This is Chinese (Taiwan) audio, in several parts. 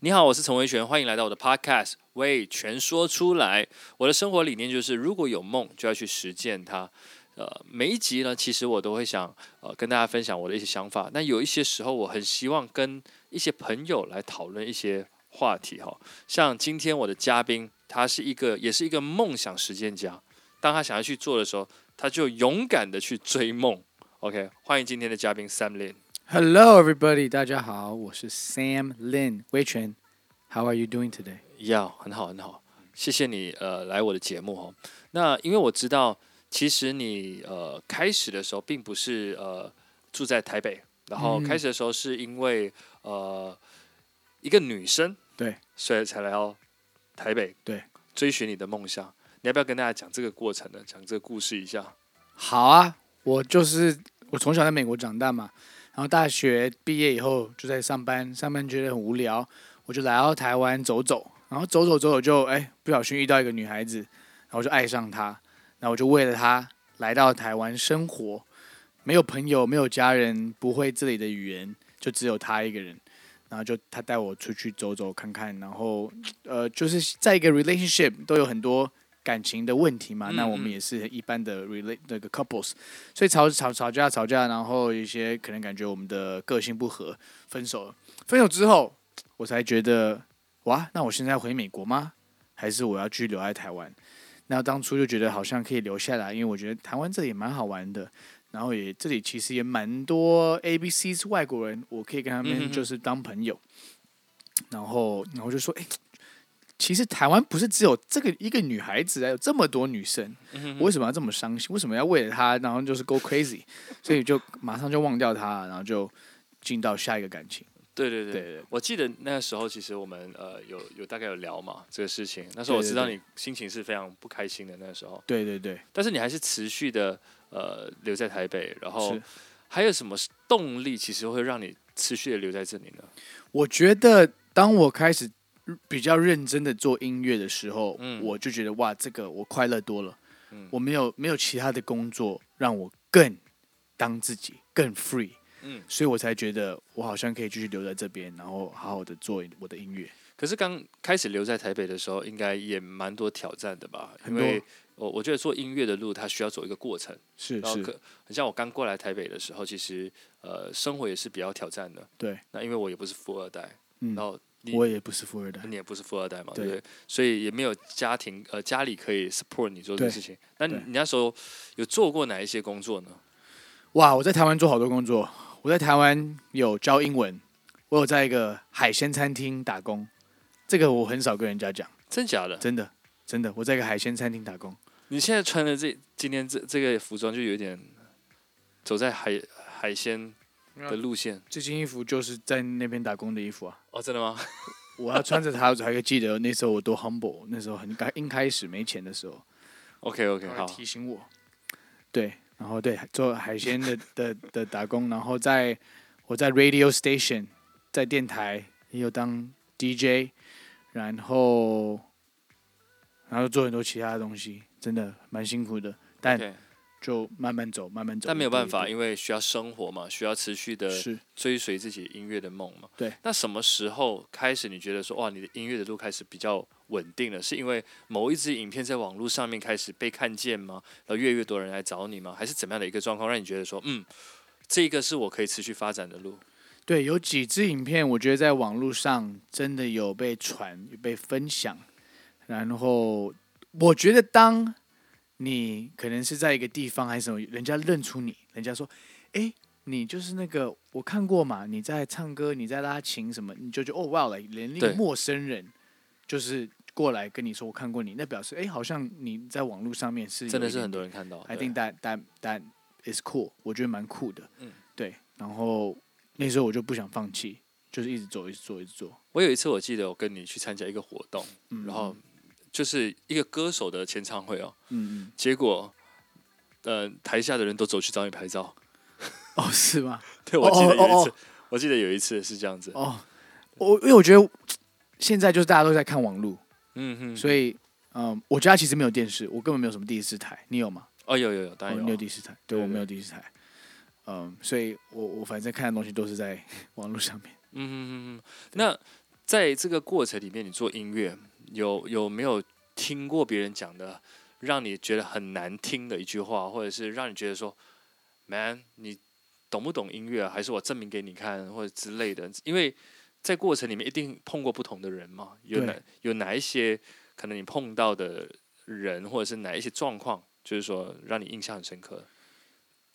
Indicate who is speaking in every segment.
Speaker 1: 你好，我是陳維璇。歡迎來到我的 Podcast。Way 全說出來。我的生活理念就是，如果有夢，就要去實踐它。呃，每一集呢，其實我都會想呃，跟大家分享我的一些想法。那有一些時候，我很希望跟一些朋友來討論一些話題哈、哦。像今天我的嘉賓，他是一個，也是一個夢想實踐家。當他想要去做的時候，他就勇敢地去追夢。OK，歡迎今天的嘉賓 Sam Lin。
Speaker 2: Hello, everybody！大家好，我是 Sam Lin 威權。How are you doing
Speaker 1: today？Yeah，很好，很好。謝謝你，呃，來我的節目哦。那因為我知道，其實你呃開始的時候並不是呃住在台北，然後開始的時候是因為呃一個女生對，嗯、所以才來到台北對，追尋你的夢想。你要不要跟大家講這個過程呢？講這個故事一下？
Speaker 2: 好啊，我就是我從小在美國長大嘛。然後大學畢業以後就在上班，上班覺得很無聊，我就來到台灣走走。然後走走走走就哎，不小心遇到一個女孩子，然後就愛上她。那我就為了她來到台灣生活，沒有朋友，沒有家人，不會這裡的語言，就只有她一個人。然後就她帶我出去走走看看，然後呃，就是在一個 relationship 都有很多感情的問題嘛，那我們也是一般的 relate 那個 couples。mm hmm. 所以吵吵吵架吵架，然後一些可能感覺我們的個性不合，分手了。分手之後，我才覺得，哇，那我現在要回美國嗎？還是我要繼續留在台灣？那當初就覺得好像可以留下來，因為我覺得台灣這裡也蠻好玩的，然後也這裡其實也蠻多 A B C 是外國人，我可以跟他們就是當朋友，mm hmm. 然後然後就說，哎。其實台灣不是只有這個一個女孩子，還有這麼多女生，我為什麼要這麼傷心？為什麼要為了她？然後就是 go crazy？所以就馬上就忘掉她，然後就進到下一個感情。對
Speaker 1: 對對對對，對對對。我記得那個時候其實我們呃有有大概有聊嘛，這個事情，那時候我知道你心情是非常不開心的那時候。對對對，但是你還是持續的呃留在台北，然後是還有什麼動力，其實會讓你持續的留在這裡呢？
Speaker 2: 我覺得當我開始。
Speaker 1: 比較認真的做音樂的時候，
Speaker 2: 嗯，我就覺得哇，這個我快樂多了，嗯，我沒有沒有其他的工作讓我更當自己更 free，嗯，所以我才覺得我好像可以繼續留在這邊，然後好好的做我的音樂。
Speaker 1: 可是剛開始留在台北的時候，應該也蠻多挑戰的吧？很多。因為我我覺得做音樂的路，它需要走一個過程，是，是，然後，很像我剛過來台北的時候，其實呃，生活也是比較挑戰的，對，那因為我也不是富二代，嗯，然後。你我也不是富二代，你也不是富二代嘛，對，對，所以也沒有家庭，呃，家裡可以 support 你做這個事情。那你對你那時候有做過哪一些工作呢？
Speaker 2: 哇，我在台灣做好多工作。我在台灣有教英文，我有在一個海鮮餐廳打工。這個我很少跟人家講，真的假的？真的真的，我在一個海鮮餐廳打工。
Speaker 1: 你現在穿的這今天這這個服裝就有點走在海海鮮。的路線，
Speaker 2: 這件衣服就是在那邊打工的衣服啊。
Speaker 1: 哦，真的嗎？ 我要穿着它，我
Speaker 2: 才會記得那時候我多 humble。那時候很剛，一開始沒錢的時候。
Speaker 1: OK，OK，好。他提醒我。
Speaker 2: 好對，然後對做海鮮的的的打工， 然後在我在 radio station，在電台也有當 DJ，然後然後做很多其他的東西，真的蠻辛苦的，但。Okay. 就慢慢走，慢慢走。但沒有辦法，因
Speaker 1: 為需要生活嘛，需要持續的追隨自己音樂的夢嘛。對。那什麼時候開始？你覺得說，哇，你的音樂的路開始比較穩定了？是因為某一支影片在網絡上面開始被看見嗎？然後越來越多人來找你嗎？還是怎麼樣的一個狀況，讓你覺得說，嗯，這一個是我可以持續發展的路？
Speaker 2: 對，有幾支影片，我覺得在網絡上真的有被傳、有被分享。然後，我覺得當。你可能是在一個地方還是什麼？人家認出你，人家說：“哎、欸，你就是那個我看過嘛，你在唱歌，你在拉琴什麼？”你就覺得哦，哇嘞，連那個陌生人就是過來跟你說：“我看過你。”那表示哎、欸，好像你在網絡上面是真的是很多人看到，I think that, that, that is cool，我覺得蠻酷的。嗯，對。然後那時候我就不想放棄，對
Speaker 1: 就是一直做，一直做，一直做。我有一次我記得我跟你去參加一個活動，嗯嗯然後。就是一個歌手的簽唱會哦，嗯嗯，結果，呃，台下的人都走去找你拍照。
Speaker 2: 哦，是嗎？
Speaker 1: 對，我記得有一次，我記得有一次是這樣子。哦，
Speaker 2: 我因為我覺得現在就是大家都在看網絡，嗯
Speaker 1: 嗯，所以，
Speaker 2: 嗯，我家其實沒有電視，我根本沒有什麼第四台，你有嗎？哦，有有有，當然沒有第四台，對我沒有第四台，嗯，所以我我反正看的東西都是在網絡上面，嗯
Speaker 1: 嗯嗯嗯。那在這個過程裡面，你做音樂？有有沒有聽過別人講的，讓你覺得很難聽的一句話，或者是讓你覺得說，Man，你懂不懂音樂？還是我證明給你看，或者之類的？因為在過程裡面一定碰過不同的人嘛，有哪對有哪一些可能你碰到的人，或者是哪一些狀況，就是說讓你印象很深刻。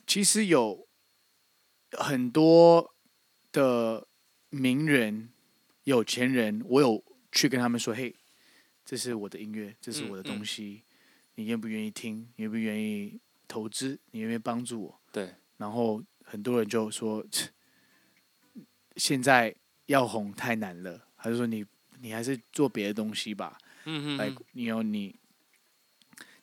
Speaker 1: 其實有很多的
Speaker 2: 名人、有錢人，我有去跟他們說，嘿。這是我的音樂，這是我的東西，嗯嗯，你願不願意聽？願不願意投資？你願不願意幫助我？對。然後很多人就說：“現在要紅太難了，還是說你你還是做別的東西吧？”嗯嗯哼。來，你要你，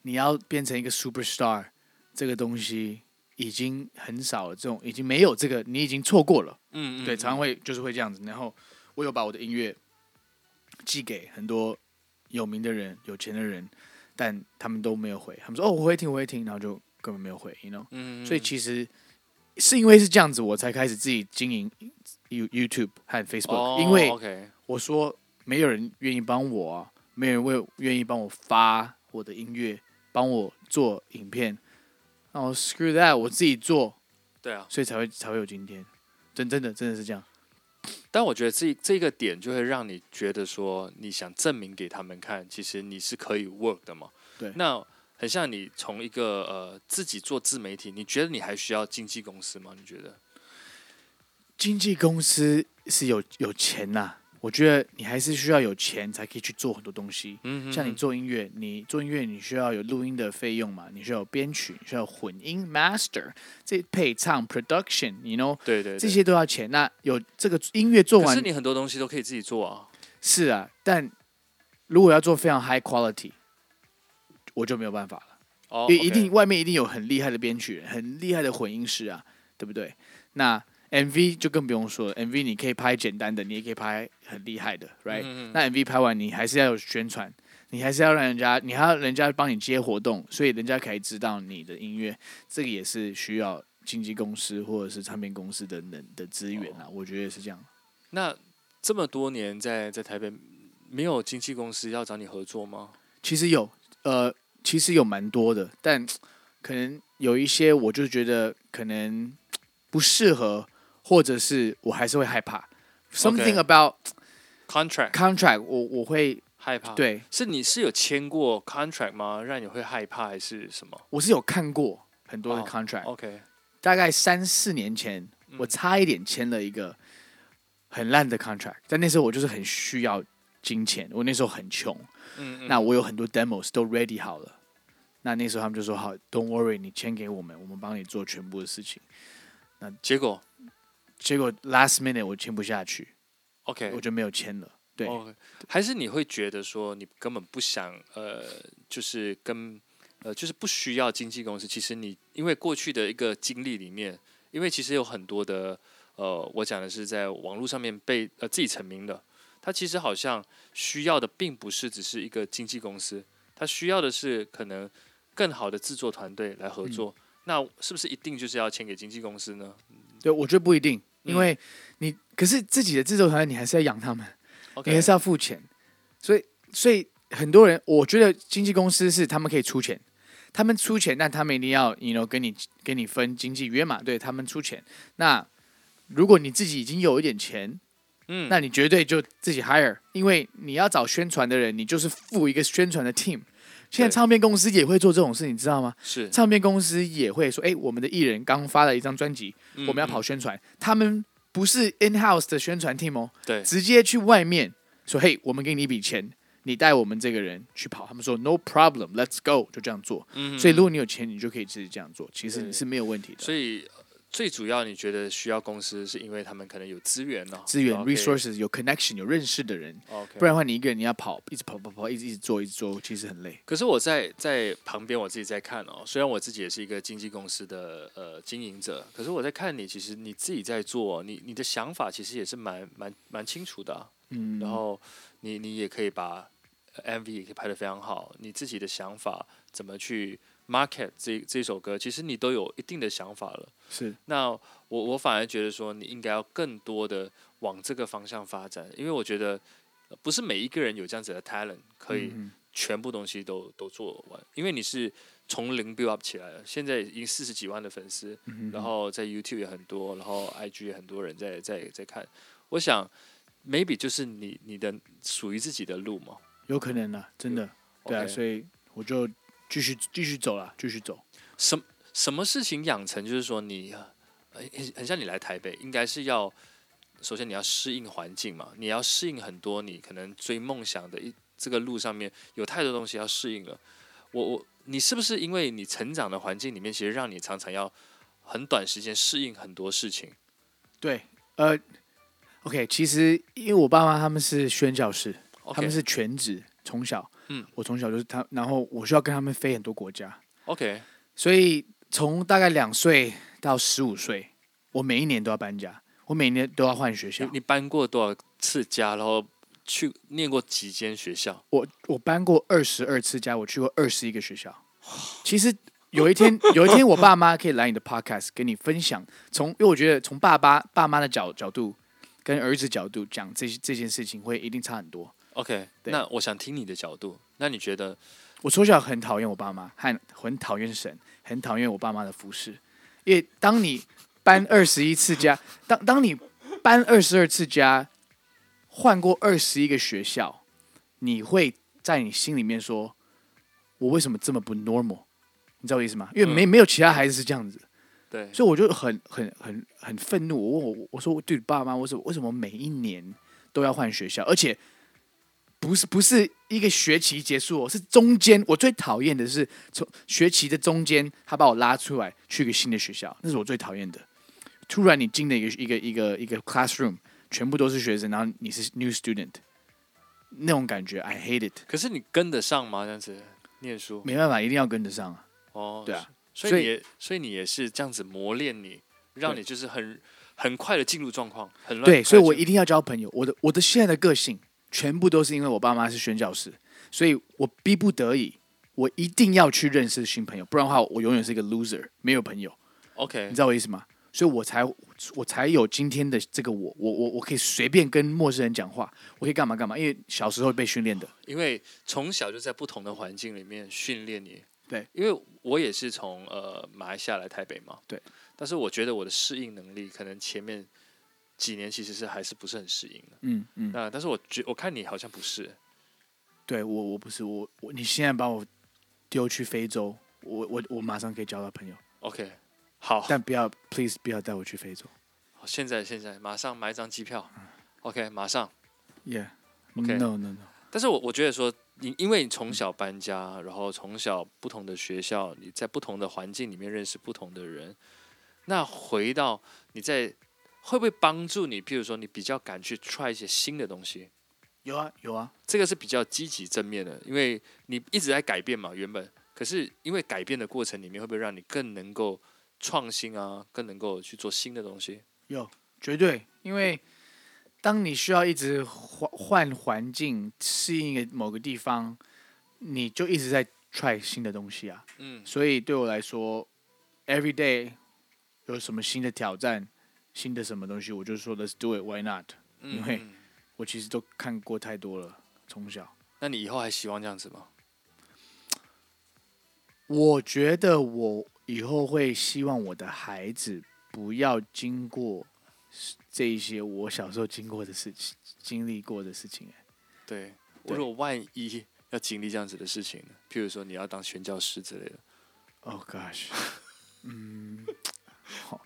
Speaker 2: 你要變成一個 super star，這個東西已經很少了，這種已經沒有這個，你已經錯過了。嗯，嗯嗯。對，常常會就是會這樣子。然後我有把我的音樂寄給很多。有名的人、有錢的人，但他們都沒有回。他們說：“哦，我會聽，我會聽。”然後就根本沒有回 you know。嗯。所以其實是因為是這樣子，我才開始自己經營 YouTube 和 Facebook。哦。因為我說沒有人願意幫我啊，沒有人為願意幫我發我的音樂，幫我做影片。然後 Screw that，我
Speaker 1: 自己做。對啊。所以才會才會有今天，真的真的真的是這樣。但我覺得這這個點就會讓你覺得說，你想證明給他們看，其實你是可以 work 的嘛。對，那很像你從一個呃自己做自媒體，你覺得你還需要經紀公司嗎？你覺得
Speaker 2: 經紀公司是有有錢吶、啊？我覺得你還是需要有錢才可以去做很多東西。嗯哼哼，像你做音樂，你做音樂你需要有錄音的費用嘛？你需要有編曲，你需要混音、master，這配唱、production，你 you know？對,對對，這些都要錢。那有這個音樂做完，是你很
Speaker 1: 多東西都可以自己做啊。
Speaker 2: 是啊，但如果要做非常 high quality，我就沒有辦法了。
Speaker 1: 哦，oh, okay. 一定
Speaker 2: 外面一定有很厲害的編曲人、很厲害的混音師啊，對不對？那 M V 就更不用說了，M V 你可以拍簡單的，你也可以拍很厲害的，Right? 嗯嗯，那 M V 拍完，你還是要有宣傳，你還是要讓人家，你還要人家幫你接活動，所以人家可以知道你的音樂，這個也是需要經紀公司或者是唱片公司的能的資源啊，哦、我覺得也是這樣。
Speaker 1: 那這麼多年在在台北，沒有經紀公司要找你合作嗎？
Speaker 2: 其實有，呃，其實有蠻多的，但可能有一些我就覺得可能不適合。或者是我還是會害怕，something Okay.
Speaker 1: about contract contract 我我會害怕，對，是你是有簽過 contract 嗎？讓你會害怕還是什麼？
Speaker 2: 我是有看過很多的 contract，OK，oh, okay. 大概三四年前，嗯、我差一點簽了一個很爛的 contract，在那時候我就是很需要金錢，我那時候很窮，嗯，嗯，那我有很多 demos 都 ready 好了，那那時候他們就說好，don't worry，你簽給我們，我們幫你做
Speaker 1: 全部的事情，那結果。結果 last minute 我簽不下去，OK，我就沒有簽了。對，oh, okay. 還是你會覺得說你根本不想，呃，就是跟，呃，就是不需要經紀公司。其實你因為過去的一個經歷裡面，因為其實有很多的，呃，我講的是在網絡上面被呃自己成名的，他其實好像需要的並不是只是一個經紀公司，他需要的是可能更好的制作團隊來合作。嗯。那是不是一定就是要簽給經紀公司呢？對，我覺得不一定。
Speaker 2: 因為你、嗯、可是自己的製作團隊，你還是要養他們，Okay. 你還是要付錢，所以所以很多人，我覺得經紀公司是他們可以出錢，他們出錢，那他們一定要你有 you know, 跟你跟你分經濟約嘛？對他們出錢，那如果你自己已經有一點錢，嗯，那你絕對就自己 hire，因為你要找宣傳的人，你就是付一個宣傳的 team。現在唱片公司也會做這種事，你知道嗎？是，唱片公司也會說：“哎、欸，我們的藝人剛發了一張專輯，嗯、我們要跑宣傳。他們不是 in house 的宣傳 team 哦，對，直接去外面說：‘嘿，我們給你一筆錢，你帶我們這個人去跑。’他們說：‘No problem, let's go’，就這樣做。嗯、所以，如果你有錢，你就可以自己這樣做，其實你是沒有問題
Speaker 1: 的。所以。最主要，你覺得需要公司，是因為他們可能有資源哦，資源 Okay, resources
Speaker 2: 有 connection 有認識的人，OK，不然的話你一個人你要跑，一直跑跑跑，一直一直做一直做，其實很
Speaker 1: 累。可是我在在旁邊，我自己在看哦，雖然我自己也是一個經紀公司的呃經營者，可是我在看你，其實你自己在做哦，你你的想法其實也是蠻蠻蠻清楚的啊，
Speaker 2: 嗯，然後
Speaker 1: 你你也可以把 MV 也可以拍得非常好，你自己的想法怎麼去？Market 這這首歌，其實你都有一定的想法了。是。那我我反而覺得說，你應該要更多的往這個方向發展，因為我覺得不是每一個人有這樣子的 talent，可以全部東西都嗯嗯都做完。因為你是從零 build up 起來的，現在已經四十幾萬的粉絲，嗯嗯嗯然後在 YouTube 也很多，然後 IG 也很多人在在在，在看。我想 maybe 就是你你的屬於自己的路嘛，
Speaker 2: 有可能啊，
Speaker 1: 真的。對，對啊，Okay. 所以我就。繼續繼續走啦，繼續走。什麼什麼事情養成？就是說你很很像你來台北，應該是要首先你要適應環境嘛，你要適應很多，你可能追夢想的一這個路上面有太多東西要適應了。我我你是不是因為你成長的環境裡面，其實讓你常常要很短時間適應很多事情？
Speaker 2: 對，呃，OK，其實因為我爸媽他們是宣教士，OK 他們是全職。從小，嗯，我從小就是他，然後我需要跟他們飛很多國家。OK，所以從大概兩歲
Speaker 1: 到十五歲，我每一年都要搬家，我每年都要換學校。你搬過多少次家，然後去念過幾間學校？
Speaker 2: 我我搬過二十二次家，我去過二十一個學校。 其實有一天，有一天我爸媽可以來你的 Podcast，跟你分享，從，因為我覺得從爸爸爸媽的角角度，跟兒子角度講
Speaker 1: 這些這件事情會一定差很多。OK，對那我想聽你的角度。那你覺得，
Speaker 2: 我從小很討厭我爸媽，很很討厭神，很討厭我爸媽的服飾。因為當你搬二十一次家，當當你搬二十二次家，換過二十一個學校，你會在你心裡面說，我為什麼這麼不 normal？你知道我意思嗎？因為沒、嗯、沒有其他孩子是這樣子。對，所以我就很很很很憤怒。我問我我說我對你爸媽，為什麼為什麼每一年都要換學校，而且。不是不是一個學期結束哦，是中間我最討厭的是從學期的中間，他把我拉出來去一個新的學校，那是我最討厭的。突然你進了一個一個一個一個 classroom，全部都是學生，然後你是 new student，那種感覺 I hate
Speaker 1: it。可是你跟得上嗎？這樣子念書沒辦
Speaker 2: 法，一定要跟得上啊。哦
Speaker 1: ，oh, 對啊，所以你也，所以你也是這樣子磨練你，讓你就是很對很快的進入狀況，很亂。對，所以我一定要
Speaker 2: 交朋友。我的我的現在的個性。全部都是因為我爸媽是宣教師，所以我逼不得已，我一定要去認識新朋友，不然的話，我永遠是一個 loser，沒有朋友。
Speaker 1: OK，你知道我
Speaker 2: 意思嗎？所以，我才我才有今天的這個我，我我我可以隨便跟陌生人講話，我可以幹嘛幹嘛，因為小時候被訓練的，
Speaker 1: 因為從小就在不同的環境裡面訓練你。對，因為我也是從呃馬來西亞來台北嘛。對，但是我覺得我的適應能力可能前面。幾年其實是還是不是很適應的，嗯嗯，嗯那但是我覺我看你好像不是，
Speaker 2: 對我我不是我我你現在把我丟去非洲，我我我馬上可以交到朋友
Speaker 1: ，OK，好，
Speaker 2: 但不要 please 不要帶我去非洲，
Speaker 1: 好現在現在馬上買一張機票，嗯，OK，馬上
Speaker 2: ，Yeah，OK，No No No。
Speaker 1: 但是我我覺得說因因為你從小搬家，然後從小不同的學校，你在不同的環境裡面認識不同的人，那回到你在。會不會幫助你？譬如說，你比較敢去 try 一些新的東西？
Speaker 2: 有啊，有啊，
Speaker 1: 這個是比較積極正面的，因為你一直在改變嘛，原本可是因為改變的過程裡面，會不會讓你更能夠創新啊，更能夠去做新的東西？有，絕對，
Speaker 2: 因為當你需要一直換換環境，適應個某個地方，你就一直在 try 新的東西啊。嗯，所以對我來說，every day 有什麼新的挑戰？新的什麼東西，我就說 Let's do it, why not？、嗯、因為我其實都看過太多了，從小。那
Speaker 1: 你以後還希望這樣子嗎？
Speaker 2: 我覺得我以後會希望我的孩子不要經過這一些我小時候經過的事
Speaker 1: 情、經歷過的事情。對，我如果萬一要經歷這樣子的事情呢？譬如說你要當宣教師之類的。Oh gosh！ 嗯，好。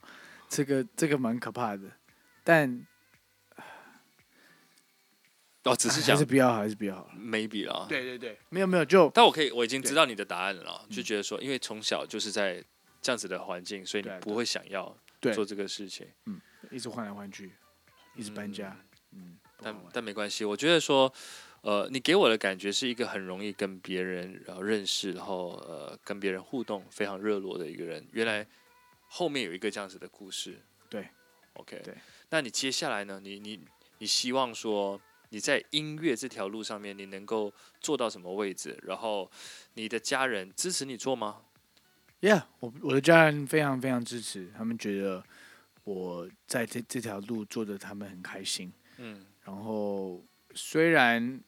Speaker 2: 這個這個蠻可怕的，但
Speaker 1: 哦，只是講還是比較好，還是比較好，Maybe 啊，對對對，沒有沒有就，但我可以，我已經知道你的答案了，就覺得說，因為從小就是在這樣子的環境，所以你不會想要做這個事情，
Speaker 2: 嗯，一直換來換去，一直搬家，
Speaker 1: 嗯，但但沒關係，我覺得說，呃，你給我的感覺是一個很容易跟別人然後認識，然後呃，跟別人互動非常熱絡的一個人，原來。後面有一個這樣子的故事，對，OK，對，okay, 對，那你接下來呢？你你你希望說你在音樂這條路上面，你能夠做到什麼位置？然後你的家人支持你做嗎
Speaker 2: ？Yeah，我我的家人非常非常支持，他們覺得我在這這條路做的，他們很開心。嗯，然後雖然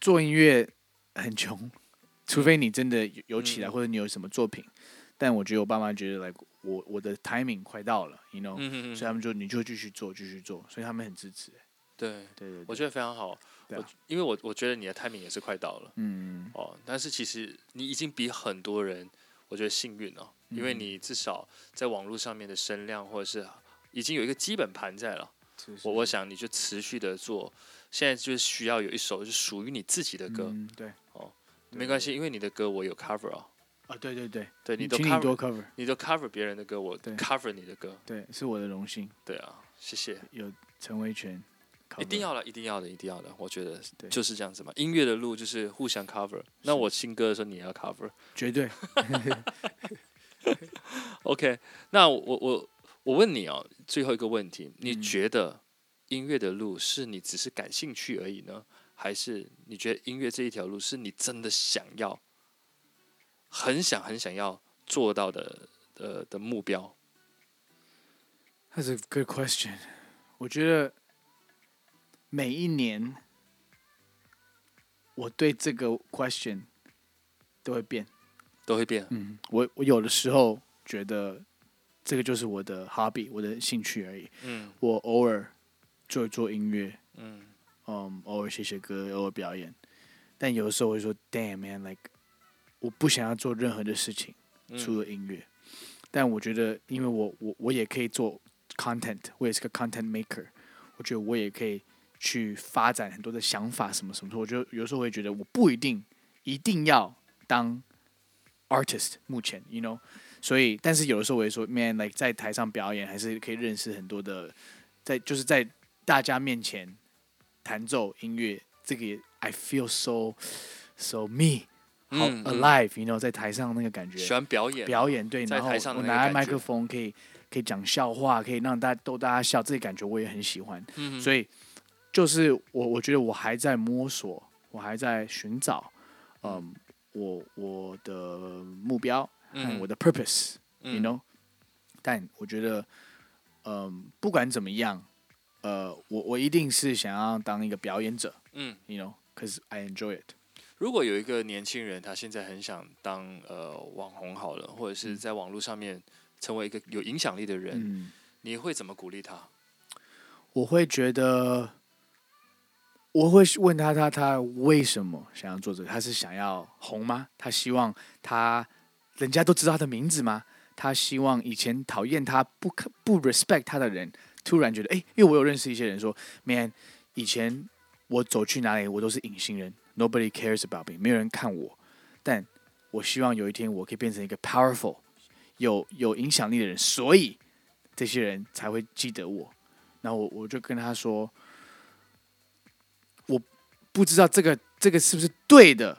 Speaker 2: 做音樂很窮，對除非你真的有起來，嗯，或者你有什麼作品。但我覺得我爸媽覺得來、like，我我的 timing 快到了，you know，嗯嗯嗯，所以他們就你就繼續做，繼續做，所以他們很支持、欸
Speaker 1: 對。對對對，我覺得非常好。啊、我，因為我我覺得你的 timing 也是快到
Speaker 2: 了。
Speaker 1: 嗯嗯。哦，但是其實你已經比很多人，我覺得幸運哦，嗯嗯，因為你至少在網絡上面的聲量，或者是已經有一個基本盤在了。是是我我想你就持續的做，現在就是需要有一首是屬於你自己的歌。嗯、對。哦，對沒關係，因為你的歌我有 cover 啊、哦。
Speaker 2: 啊、哦，對對對，對你都 cover，請你多 cover，
Speaker 1: 你都 cover 別人的歌，我 cover 你的歌，
Speaker 2: 對，對，是我的榮幸，
Speaker 1: 對啊，謝謝。有陳威全，一定要的，一定要的，一定要的，我覺得對，就是這樣子嘛。音樂的路就是互相 cover 對。那我新歌的時候，你要 cover，絕對。 OK，那我我我問你哦，最後一個問題，你覺得音樂的路是你只是感興趣而已呢，還是你覺得音樂這一條路是你真的想要？很想很想要做到的呃的目標。
Speaker 2: That's a good question. 我覺得每一年我對這個 question 都會變，
Speaker 1: 都會變。嗯，
Speaker 2: 我我有的時候覺得這個就是我的 hobby，我的興趣而已。嗯，我偶爾做做音樂，
Speaker 1: 嗯，
Speaker 2: 嗯，偶爾寫寫歌，偶爾表演。但有的時候我會說，Damn man, like. 我不想要做任何的事情，除了音樂。嗯。但我覺得，因為我我我也可以做 content，我也是個 content maker。我覺得我也可以去發展很多的想法什麼什麼。我覺得有時候會覺得，我不一定一定要當 artist。目前，you know。所以，但是有的時候我也說，man，like 在台上表演還是可以認識很多的，在就是在大家面前彈奏音樂，這個也 I feel so so me。
Speaker 1: 好、mm hmm. alive，you
Speaker 2: know，在台上的那個感覺，喜歡表演，表演對，然後我拿麥克風可以可以講笑話，可以讓大家逗大家笑，這個感覺我也很喜歡。嗯、mm，hmm. 所以就是我我覺得我還在摸索，我還在尋找，嗯，我我的目標，嗯，我的 purpose，you、mm hmm. know，但我覺得，嗯，不管怎麼樣，呃，我我一定是想要當一個表演者，嗯、mm hmm.，you know，cause I enjoy it。
Speaker 1: 如果有一個年輕人，他現在很想當呃網紅好了，或者是在網絡上面成為一個有影響力的人，嗯，你會怎麼鼓勵他？
Speaker 2: 我會覺得，我會問他，他他為什麼想要做這個？他是想要紅嗎？他希望他人家都知道他的名字嗎？他希望以前討厭他、不不 respect 他的人，突然覺得，哎，因為我有認識一些人說，man，以前我走去哪裡，我都是隱形人。Nobody cares about me，沒有人看我，但我希望有一天我可以變成一個 powerful、有有影響力的人，所以這些人才會記得我。然後我我就跟他說，我不知道這個這個是不是對的，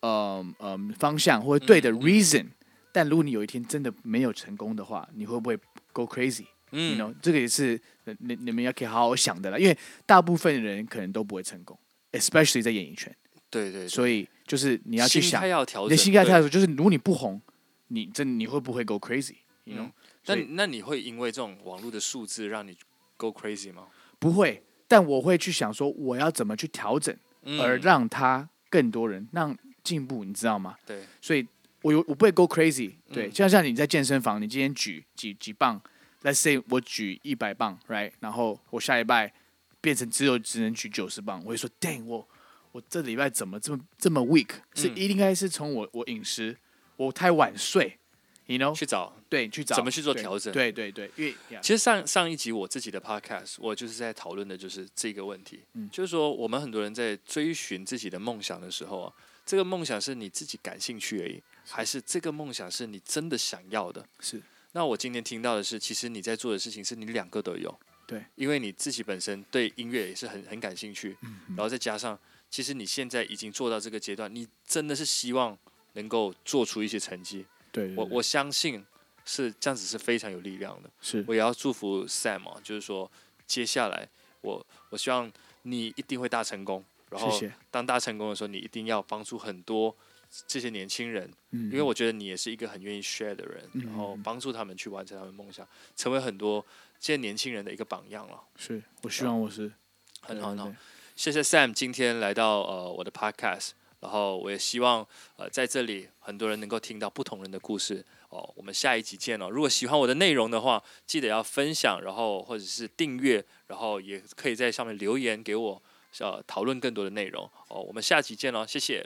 Speaker 2: 嗯嗯方向或者對的 reason，、mm hmm. 但如果你有一天真的沒有成功的話，你會不會 go crazy？嗯、mm hmm. You，no，know, 這個也是你你們要可以好好想的啦，因為大部分人可能都不會成功，especially 在演藝圈。對，對對，所以就是你要去想，你心態要調整。調整對就是，如果你不紅，你
Speaker 1: 真的你會不會 go crazy？you、嗯、know 但。那以那你會因為這種網絡的數字讓你 go crazy 嗎？
Speaker 2: 不會，但我會去想說，我要怎麼去調整，
Speaker 1: 嗯、而讓
Speaker 2: 他更多人讓進步，你知道嗎？對。所以我有我不會 go crazy。對，就像、嗯、像你在健身房，你今天舉，舉幾幾磅，Let's say 我舉一百磅，right？然後我下一拜變成只有只能舉九十磅，我會說 dang 我我這禮拜怎麼這麼這麼 weak？、嗯、是
Speaker 1: 應該是從我我飲食，我太晚睡，你 you know 去找。對，去找，怎麼去做調整？對，對對對，因為、Yeah. 其實上上一集我自己的 podcast，我就是在討論的就是這個問題，嗯、就是說我們很多人在追尋自己的夢想的時候啊，這個夢想是你自己感興趣而已，還是這個夢想是你真的想要的？是。那我今天聽到的是，其實你在做的事情是你兩個都有，對，因為你自己本身對音樂也是很很感興趣，嗯嗯、然後再加上。其實你現在已經做到這個階段，你真的是希望能夠做出一些成績。對，對，對，我我相信是這樣子是非常有力量的。是，我也要祝福 Sam 啊，就是說接下來我我希望你一定會大成功。然後當大成功的時候，謝謝，你一定要幫助很多這些年輕人，嗯，因為我覺得你也是一個很願意 share 的人，嗯，然後幫助他們去完成他們夢想，成為很多這些年輕人的一個榜樣了。
Speaker 2: 是，我希望我是，
Speaker 1: 對，很好很好。謝謝 Sam 今天來到呃我的 podcast，然後我也希望呃在這裡很多人能夠聽到不同人的故事哦，我們下一集見嘍！如果喜歡我的內容的話，記得要分享，然後或者是訂閱，然後也可以在上面留言給我，呃討論更多的內容哦，我們下集見嘍，謝謝。